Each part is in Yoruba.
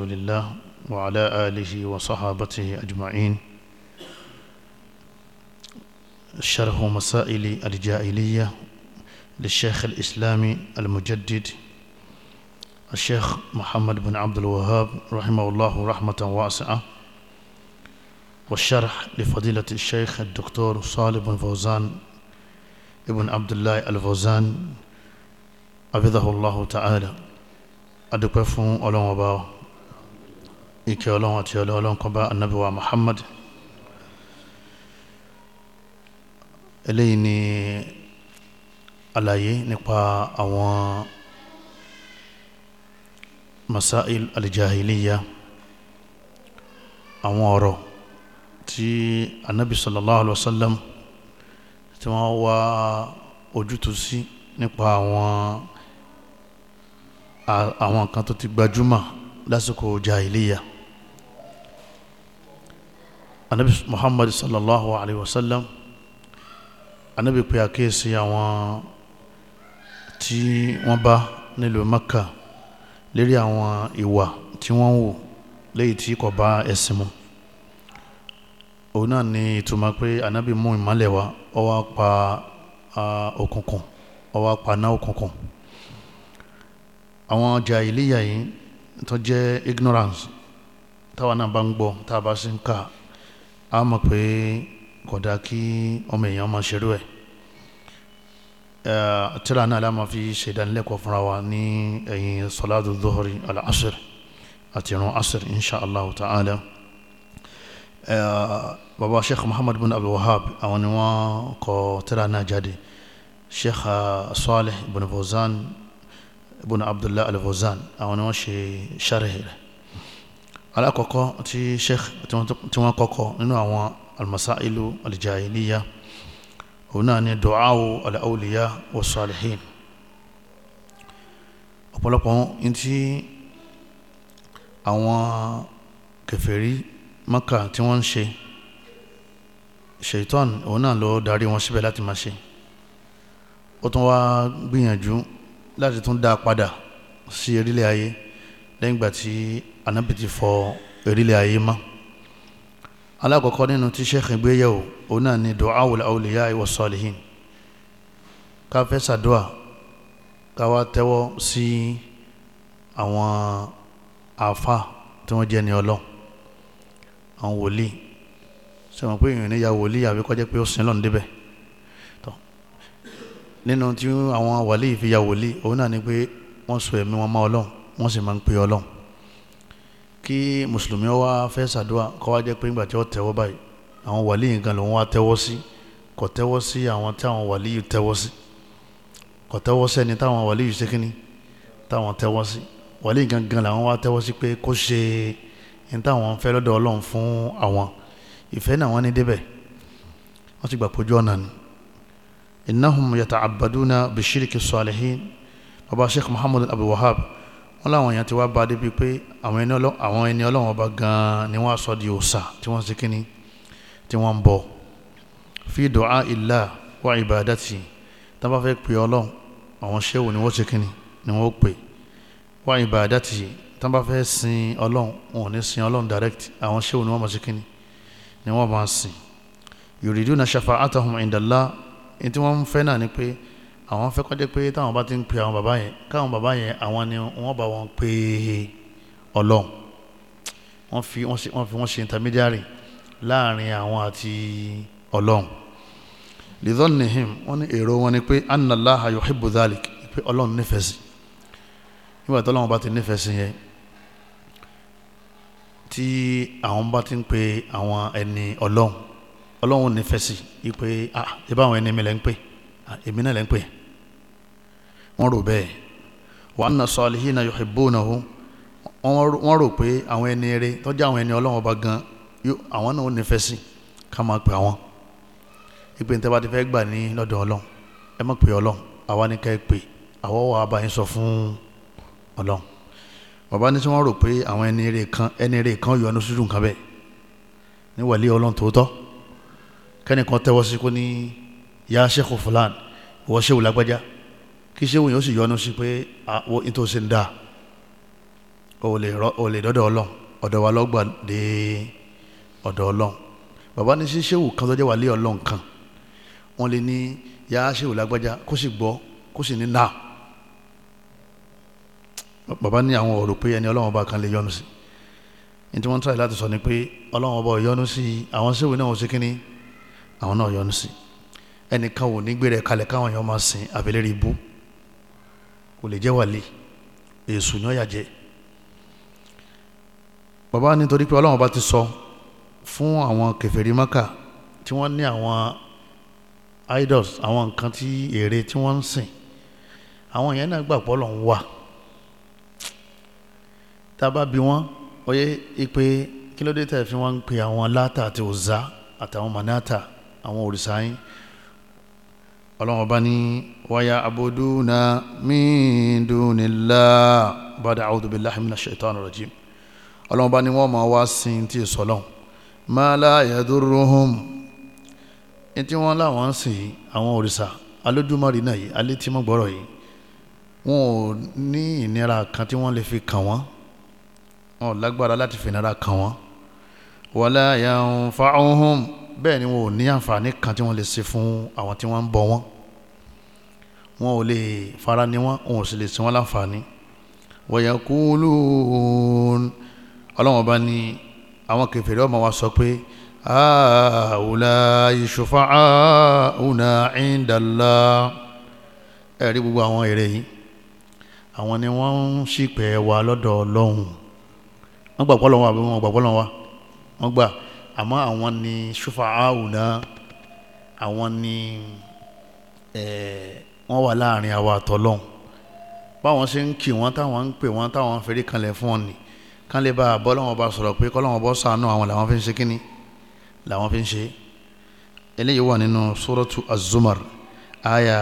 الحمد لله وعلى آله وصحابته أجمعين شرح مسائل الجاهلية للشيخ الإسلامي المجدد الشيخ محمد بن عبد الوهاب رحمه الله رحمة واسعة والشرح لفضيلة الشيخ الدكتور صالح بن فوزان ابن عبد الله الفوزان أبذه الله تعالى أدقفه ألوم وباوه ìkẹ́ ọlọ́run àti ọlọ́run kó bá ànábì wa Muhammad eléyìí ni àlàyé nípa àwọn masail alijahiliya àwọn ọ̀rọ̀ tí ànábì sallallahu alaihi wasallam tí wọ́n wá ojútùú sí nípa àwọn àwọn nǹkan tó ti gbajúmọ̀ lásìkò jahiliya anabi muhammad sallallahu alayhi wa sallam anabi pe àkíyèsí àwọn tí wọ́n bá nílùú maka lérí àwọn ìwà tí wọ́n ń wò léyìí tí kò bá ẹ̀sìn mu òun náà ni ìtumọ̀ pé anabi mú ìmọ́lẹ̀ wá ó wá pa òkùnkùn ó wá pa náà òkùnkùn àwọn jàhílíyà yìí tó jẹ́ ignorance táwa náà bá ń gbọ́ tá a bá sì ń kà a mọ̀ pé kódà kí ọmọ èèyàn máa ṣerú ẹ̀ eh, tíra náà la máa fi ṣèdánilẹ́kọ̀ọ́ fúnra wa ní ẹ̀yìn salatu dhuhri al-asr àti ìrun asr insha allah ta'ala eh, baba sheikh muhammad bin abdul àwọn ni wọ́n kọ tíra náà jáde sheikh eh, salih bin fawzan bin abdullah al àwọn ni wọ́n ṣe sharh rẹ̀ alákọ̀ọ́kọ́ tí sheikh tí wọ́n kọ́kọ́ nínú àwọn almasailu aljahiliya òun náà ni du'awu alauliya wa salihin ọ̀pọ̀lọpọ̀ ní tí àwọn kèfèrí maka tí wọ́n ń ṣe shaitan òun náà ló darí wọn síbẹ̀ láti máa ṣe ó tún wá gbìyànjú láti tún dá padà sí orílẹ̀ ayé lẹ́yìn ìgbà tí anabi ti fọ erílẹ̀ ayé mọ́ alákọ̀ọ́kọ́ nínú tí sheikh gbéyàwó òun náà ni du'a wal awliya wa salihin ká fẹ́ sàdúà ká wá tẹ́wọ́ sí àwọn àfa tí wọ́n jẹ́ ni ọlọ́ àwọn wòlíì sọ̀rọ̀ pé èèyàn níyà wòlíì àbí kọjá pé ó sin lọ́nà débẹ̀ nínú tí àwọn wàlíì fi ya wòlíì òun náà ni pé wọ́n so ẹ̀mí wọn mọ́ ọlọ́run wọ́n sì máa ń pè ọlọ́run kí mùsùlùmí wa fẹ́ ṣàdúrà kọ́ wá jẹ́ pé nígbà tí ó tẹ́wọ́ báyìí àwọn wàlíì nǹkan lòun wá tẹ́wọ́ sí kò tẹ́wọ́ sí àwọn táwọn wàlíì tẹ́wọ́ sí kò tẹ́wọ́ sẹ́ni táwọn wàlíì ṣe kínní táwọn tẹ́wọ́ sí wàlíì gangan làwọn wá tẹ́wọ́ sí pé kó ṣe ní táwọn fẹ́ lọ́dọ̀ ọlọ́run fún àwọn ìfẹ́ náà wọ́n ní débẹ̀ wọ́n ti gbà pójú ọ̀nà ni innahum yata'abbaduna bishiriki salihin baba sheikh muhammad abdulwahab wọ́n láwọn èèyàn ti wá bá débi pé àwọn ẹni ọlọ́wọ́n ọba gan-an ni wọ́n sọ di òòṣà tí wọ́n ṣe kínní tí wọ́n ń bọ̀ fi du'a illah wa ibadati tá bá fẹ́ pè ọlọ́run àwọn ṣẹ́wò ni wọ́n ṣe kínní ni wọ́n pè wa ibadati tá bá fẹ́ sin ọlọ́run wọn ò ní sin ọlọ́run direct àwọn ṣẹ́wò ni wọ́n máa ṣe kínní ni wọ́n máa sìn yuriduna shafa'atahum indallah ní tí àwọn fẹ́ kọjá pé táwọn bá ti ń pe àwọn bàbá yẹn káwọn bàbá yẹn àwọn ni wọ́n bá wọn pe ọlọ́run wọ́n fi wọ́n ṣe intermediary láàrin àwọn àti ọlọ́run lidhannihim wọ́n ní èrò wọn ni pé anna Allaha yuhibbu dhalik pé ọlọ́run nífẹ̀ẹ́ sí nígbà tí ọlọ́run bá ti nífẹ̀ẹ́ sí yẹn tí àwọn bá ti ń pe àwọn ẹni ọlọ́run ọlọ́run nífẹ̀ẹ́ sí i pé ah ibà àwọn ẹni mi lẹ́ ń pè ah, èmi náà lẹ́ ń pè yẹn wọ́n rò bẹ́ẹ̀ wa anna salihina yuhibbunahu wọ́n rò pé àwọn ẹni eré tọ́jú àwọn ẹni ọlọ́wọ́n bá gan àwọn náà ó nífẹ̀ẹ́ sí ká máa pè àwọn ìpè ní tẹ́bá ti fẹ́ gbà ní lọ́dọ̀ ọlọ́run ẹ má pè ọlọ́run àwa ni ká ẹ pè àwọ̀ wà bá yín sọ fún ọlọ́run bàbá ní tí wọ́n rò pé àwọn ẹni eré kan ẹni eré kan yọnu sídùn kan bẹ́ẹ̀ ní wàlẹ́ ọlọ́run tòótọ́ kẹ́nìkan tẹ́wọ́ sí kó ní yá sẹ́kù fúlàn ìwọ sẹ́wù lágbájá kí ṣé wòyàn ó sì yọnu sí pé àwọn ní tó ṣe ń dà ò lè dọ́dọ̀ ọlọ́run ọ̀dọ̀ wa lọ́gbà dé ọ̀dọ̀ ọlọ́run bàbá ní sí ṣéwù kan tó jẹ́ wà lé ọlọ́run kan wọ́n lè ní yá ṣéwù lágbájá kó sì gbọ́ kó sì ní nà bàbá ní àwọn ọ̀rọ̀ pé ẹni ọlọ́run ọba kan lè yọnu sí ní tí wọ́n ń tàyè láti sọ ni pé ọlọ́run ọba ò yọnu sí àwọn ṣéwù náà ò sí kínní àwọn náà yọnu sí ẹnìkan ò ní gbé rẹ̀ kalẹ̀ káwọn èèyàn máa sìn àbẹ̀lẹ́rì ibú kò lè jẹ́ wàlí èṣù ni ó yà jẹ́ bàbá nítorí pé ọlọ́run bá ti sọ fún àwọn kèfèrí maka tí wọ́n ní àwọn idols àwọn nǹkan tí ère tí wọ́n ń sìn àwọn yẹn náà gbà pé ọlọ́run wà tá a bá bi wọ́n oyé ipe kí ló dé tẹ̀ fi wọ́n ń pe àwọn láta àti òòzà àtàwọn manata àwọn òrìṣà yín ọlọ́run ọba ní wáyà abuduna min dunillah bàdà a'udhu billahi minash shaitanir rajim ọlọ́run ọba ní wọ́n máa wá sin tí èso ọlọ́run ma la yadurruhum ní tí wọ́n láwọn ń sìn àwọn òrìṣà alójúmọ́rin náà yìí alétímọ́gbọ́rọ̀ yìí wọn ò ní ìnira kan tí wọ́n lè fi kàn wọ́n wọn ò lágbára láti fi ìnira kàn wọ́n wala yanfa'uhum bẹ́ẹ̀ ni wọn ò ní àǹfààní kan tí wọ́n lè ṣe fún àwọn tí wọ́n ń bọ wọ́n wọn ò lè fara ní wọn wọn ò sì lè ṣe wọn láǹfààní wa yaqulun ọlọ́wọ́n bá ní àwọn kèfèrí ọmọ wa sọ pé àwòlá shufa'auna inda Allah ẹ̀rí gbogbo àwọn èrè yìí àwọn ni wọ́n ń ṣìpẹ̀ wa lọ́dọ̀ ọlọ́run wọ́n gbà pọ́lọ́wọ́ àbí wọ́n gbà pọ́lọ́wọ́ wọ́n gbà àmọ́ àwọn ni ṣùfàáwù náà àwọn ni wọ́n wà láàrin àwa àtọ́lọ́hún báwọn ṣe ń kì wọ́n táwọn ń pè wọ́n táwọn ń feré kanlẹ̀ fún wọn ni kán lè bá àbọ́ lọ́wọ́ bá sọ̀rọ̀ pé kọ́lọ́wọ́ bọ́ sànú àwọn làwọn fi ń ṣe kínní làwọn fi ń ṣe eléyìí wà nínú suratu azumar aya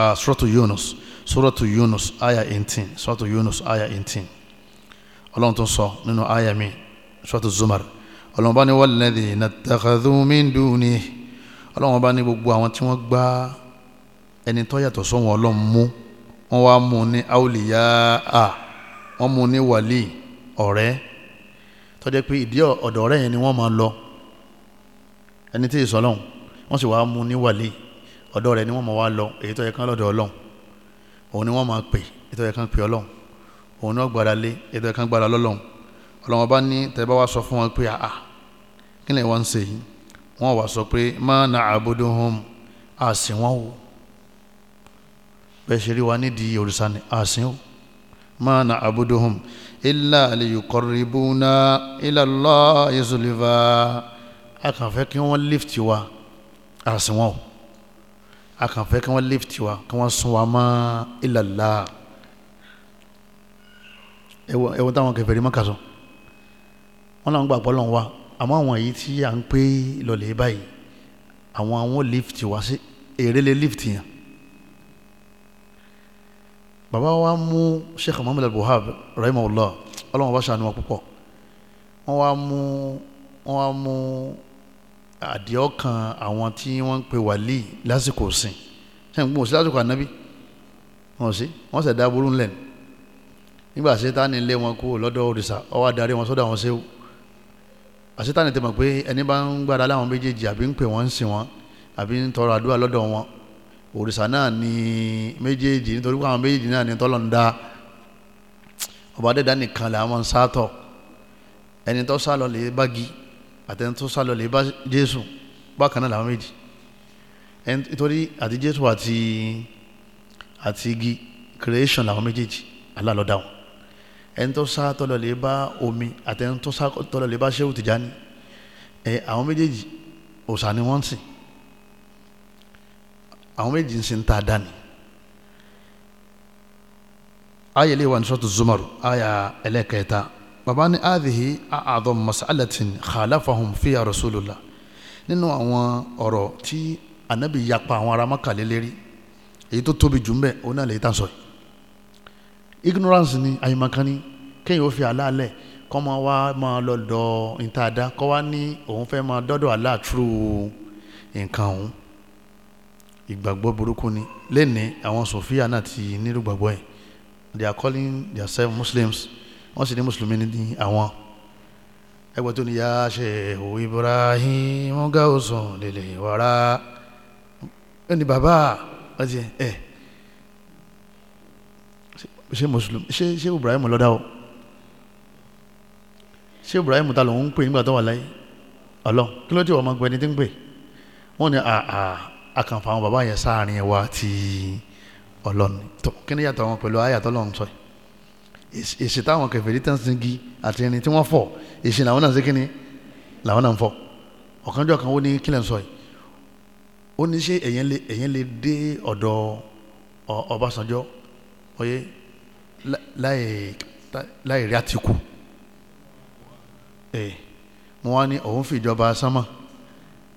uh, suratu yunus suratu yunus aya eighteen suratu yunus aya eighteen ọlọ́run tó ń sọ nínú aya mi suratu zumar ọlọ́run ni ní walladhina ittakhadhu min dunihi ọlọ́run bá ní gbogbo àwọn tí wọ́n gbá ẹni tó yàtọ̀ sọ́wọ́n ọlọ́run mú wọ́n wá mú ní awliya a wọ́n mú ní wàlí ọ̀rẹ́ tó jẹ́ pé ìdí ọ̀dọ̀ ọ̀rẹ́ yẹn ni wọ́n máa lọ ẹni tí ìsọ ọlọ́run wọ́n sì wá mú ní wàlí ọ̀dọ̀ rẹ̀ ni wọ́n máa wá lọ èyí tó yẹ kán lọ́dọ̀ ọlọ́run òun ni wọ́n máa pè èyí tó yẹ kán pè ọlọ́run òun ni wọ́n gbára èyí tó yẹ kán gbára lọ́lọ́run ọlọ́wọ́n bá ní tẹ́bá wá sọ fún wọn pé àà kí lè wọ́n ń ṣe yìí wọ́n wá sọ pé má na àbúdó hom àsìn wọn o bẹ́ẹ̀ ṣe rí wa nídìí òrìṣà ni àsìn o má na àbúdó hom ilà liyukorribuna ilà Allah yusulifa a kàn fẹ́ kí wọ́n lift wa àsìn wọn o a kàn fẹ́ kí wọ́n lift wa kí wọ́n sún wa mọ́ ilà Allah ẹ̀wọ̀n táwọn kẹfẹ́ rí mọ́ kà sọ wọn làwọn gbàgbọ́ lọ́n wa àmọ́ àwọn èyí tí à ń pè lọ́lẹ̀ báyìí àwọn àwọn lift wá sí èrè lè lift yẹn bàbá wa mú Sheikh Muhammad Al-Wahhab rahimahullah ọlọ́wọ́n bá ṣàánú wa púpọ̀ wọ́n wá mú wọ́n wá mú àdìọ́kàn àwọn tí wọ́n ń pè wàlí lásìkò sìn sẹ́yìn gbọ́n sí lásìkò ànábì wọ́n sí wọ́n sẹ̀dá burú ńlẹ̀ nígbà ṣe tá ilé wọn kú lọ́dọ̀ òrìṣà ó wá wọn sọ́dọ̀ àwọn séwu àṣetánì ti mọ̀ pé ẹni bá ń gbára láwọn méjèèjì àbí ń pè wọ́n ń sìn wọ́n àbí ń tọrọ àdúrà lọ́dọ̀ wọn òrìṣà náà ni méjèèjì nítorí pé àwọn méjèèjì náà ni tọ́lọ̀ ń dá ọba dẹ́dá nìkan làwọn ń sátọ̀ ẹni tó sálọ lè bá gi àtẹni tó sálọ lè bá jésù bákan náà làwọn méjì nítorí àti jésù àti àti igi creation làwọn méjèèjì Allah ló dá ẹni tó sá tọ́lọ̀ lè bá omi àti ẹni tó sá tọ́lọ̀ lè bá Ṣéhù Tìjání ẹ àwọn méjèèjì òòṣà ni wọ́n ń sìn àwọn méjì ń sin tá a dání aya ilé wa ní sọ́tù zumaru aya ẹlẹ́kẹta baba ní adìhí àádọ́ masalatin khalafahum fiya rasulullah nínú àwọn ọ̀rọ̀ tí anabi yapa àwọn ará lérí èyí tó tóbi jù ń bẹ òun náà lè tàn sọ ignorance ni àyìnmọ̀kan ni kéèyàn ó fi àlàálẹ̀ kọ́ máa wá máa lọ dọ̀ ìtaàdá kọ́ wá ní òun fẹ́ máa dọ́dọ̀ àlá through nǹkan òun ìgbàgbọ́ burúkú ni lẹ́ni àwọn sofia náà ti nírúgbàgbọ́ yẹn they are calling themselves muslims wọ́n sì ní mùsùlùmí ní àwọn ẹgbẹ́ tó ní yá Shehu Ibrahim gawson lèlè wàrà ẹni bàbá ẹ ṣé Muslim, ṣé ṣé Ibrahim lọ́dá o ṣé Ibrahim ta lòun ń pè nígbà tó wà láyé ọlọ kí ló dé wọ́n máa gbẹni tí ń pè wọ́n ní àkànfà àwọn bàbá yẹn sáàrin wa ti ọlọ́ni tó kí ni yàtọ̀ wọn pẹ̀lú àyàtọ̀ lọ́n sọ èsì táwọn kẹfẹ́rí tán sí gi àti irin tí wọ́n fọ̀ èsì làwọn náà ṣe kí ni làwọn náà ń fọ̀ ọ̀kanjọ́ kan ó ní kílẹ̀ ń sọ yìí ó ní ṣé èyàn lè dé ọ̀dọ̀ Ọbásanjọ́ láì láì rí àtìkù ẹ eh, mo wá ní òun fi ìjọba sánmà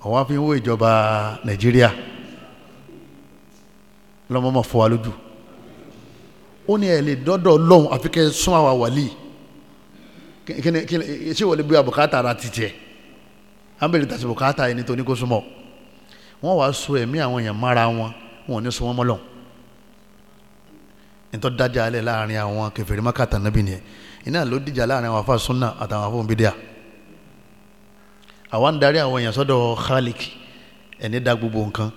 òun wá fi ń wó ìjọba nàìjíríà lọ́mọ mọ̀ fọ́ wa lójú ó ní ẹ̀ lè dọ́dọ̀ lọ́hùn àfi kẹ́ sún àwa wàlí kíni kíni ṣé wọlé bí abùkátà ara ti tiẹ̀ à tàṣí bùkátà ẹni tó ní kó súnmọ́ wọ́n wàá so ẹ̀mí àwọn èèyàn mára wọn wọn ò ní sọ wọ́n mọ́ lọ́hùn nítorí dájà alẹ́ láàrin àwọn kẹfẹ́rẹ́ mọ́kàtà nàbì nìyẹn iná ló dìjà láàrin àwọn afa sunna àtàwọn afa òǹbídíà àwọn ń darí àwọn èèyàn sọ́dọ̀ khalik ẹni dá gbogbo nǹkan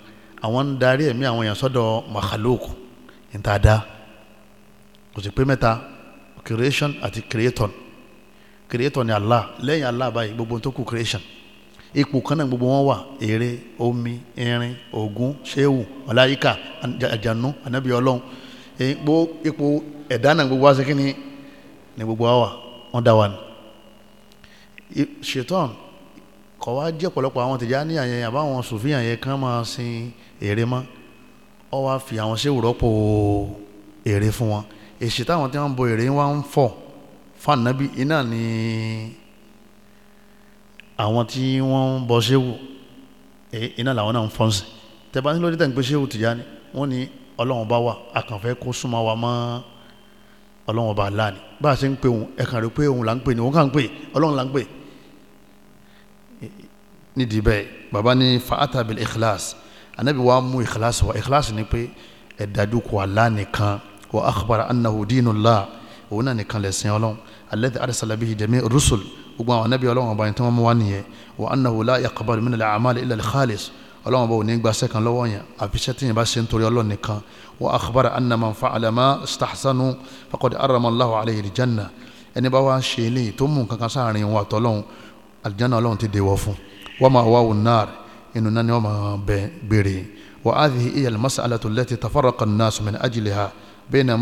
àwọn ń darí ẹ̀mí àwọn èèyàn sọ́dọ̀ makhaluk níta dá kò sì pé mẹ́ta creation àti creator creator ni Allah lẹ́yìn Allah báyìí gbogbo tó kù creation ipò kan náà gbogbo wọn wà èrè omi irin ogun ṣéwù màláyíkà àjànú ànábì ọlọ́run ipò ipò ẹ̀dá náà gbogbo wá sí kí ni ní gbogbo wa wà dá wa ni ṣetán kọ́ wá jẹ́ ọ̀pọ̀lọpọ̀ àwọn Tìjàní yẹn àbáwọn sùfíyàn yẹn kàn máa sin èrè mọ́ ọ wá fi àwọn ṣé òrọ́pò èrè fún wọn èsì táwọn tí wọ́n ń bo èrè wá ń fọ̀ fànàbí iná ni àwọn tí wọ́n ń bọ ṣéwù iná làwọn náà ń fọ́nsìn tẹ́ bá nílò dídá ń pe ṣéwù Tìjàní wọ́n ní ọlọ́run bá wà àkànfẹ́ kó súnmọ́ wa mọ́ ọlọ́run bá láàánì bá a ṣe ń pè òun ẹ̀kan rẹ̀ pé òun là ń pè ní òun kà ń pè ọlọ́run là ń pè nídìí bẹ́ẹ̀ baba ní fa'ata bil ikhlas anabi wa mú ikhlas wa ikhlas ni pé ẹ̀dájú kò Allah nìkan wa akhbara annahu dinullah òun náà nìkan lẹ̀sìn ọlọ́run alladhi arsala bihi rusul gbogbo àwọn anabi ọlọ́run ọba yẹn tí wọ́n mú wá nìyẹn wa annahu la yaqbalu min al-a'mal illa khalis ọlọ́run bò ní gbaṣẹ́ kan lọ́wọ́ yẹn àfiṣẹ́ tí yẹn bá ṣe ń torí ọlọ́run nìkan wa akhbara anna man fa'ala ma istahsanu faqad arama Allahu alayhi aljanna ẹni bá wá ṣe ilé tó mú nǹkan kan sáàrin wa tọ́lọ́run aljanna ọlọ́run ti dèwọ̀ fún wa ma'wahu an-nar inú náà ni wọ́n máa bẹ gbére wa hadhihi hiya al-mas'alatu allati tafarraqa an-nas min ajliha bayna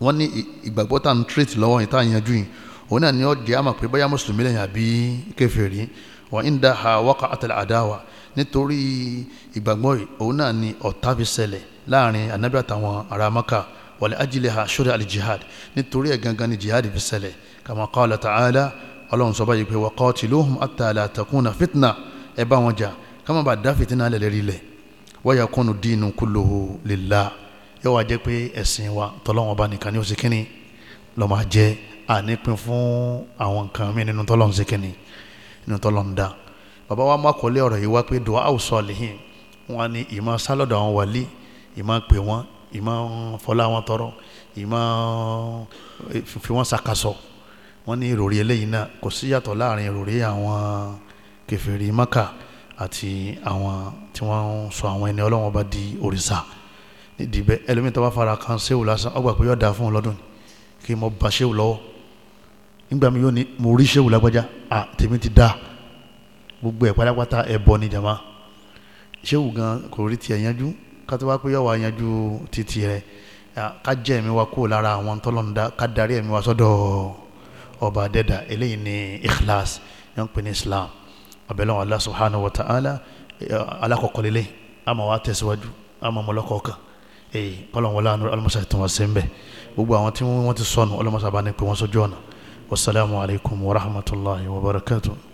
wọ́n ní ìgbàgbọ́ tá à ń náà ni nítorí ìgbàgbọ́ òun náà ni ọ̀tá fi ṣẹlẹ̀ láàrin anabi àtàwọn ará maka wàlẹ̀ ajílẹ̀ ha ṣúrẹ́ alìjihad nítorí ẹ̀ gangan ni jihad fi ṣẹlẹ̀ kama qala ta'ala ọlọ́run sọ báyìí pé wa qatiluhum hatta la takuna fitna ẹ bá wọn jà kama bá dá fitina lẹ̀ lérí lẹ̀ wa yakunu dinu kulluhu lillah yóò wá jẹ́ pé ẹ̀sìn wa tọ́lọ́wọ́n bá nìkan ní ó kínní lọ́ máa jẹ́ ànípin bàbá wa mákọ̀ọ́lé ọ̀rọ̀ yìí wá pé dùn áwù sọ̀lìhìn wọn ni ìmọ̀ sálọ̀dọ̀ àwọn wàlí ìmọ̀ pè wọ́n ìmọ̀ fọlá wọn tọrọ ìmọ̀ fi wọ́n ṣàkàsọ wọ́n ní ìròrí eléyìí náà kò síyàtọ̀ láàrin ìròrí àwọn kẹfìrí maka àti àwọn tí wọ́n ń sọ àwọn ẹni ọlọ́wọ́n bá di òrìṣà nídìí bẹ́ẹ̀ ẹlòmíì tó bá fara kan séwù lásán ọgbà pé yọ̀ọ́ da fún un lọ́dún kí mo bá séwù lọ́wọ́ nígbà mi yóò ní mo rí séwù lágbájá à tèmi ti dáa gbogbo ẹ̀ pátápátá ẹbọ ni jama ṣéwù gan kò rí tiẹ̀ yanjú ká tó wá pé yọ̀wá yanjú títì rẹ̀ ká jẹ́ ẹ̀mí wa kúrò lára àwọn tọ́lọ́nda ká darí ẹ̀mí wa sọ́dọ̀ ọba dẹ́dà eléyìí ni ikhlas yẹn ń pè ní islam abẹ́lẹ́wọ̀n Allah subhanahu wa ta'ala alákọ̀ọ́kọ́ lélẹ̀ àmọ́ wa tẹ̀síwájú àmọ́ mọ́lọ́kọ̀ọ́kan ee kọ́lọ́wọ́lá alamasa tó wọ́n sẹ́ńbẹ̀ gbogbo àwọn tí wọ́n ti sọnù alamasa bá ní pé wọ́n sọ́jọ́ ọ̀nà wasalaamualeykum wa rahmatulahi wa barakatuh.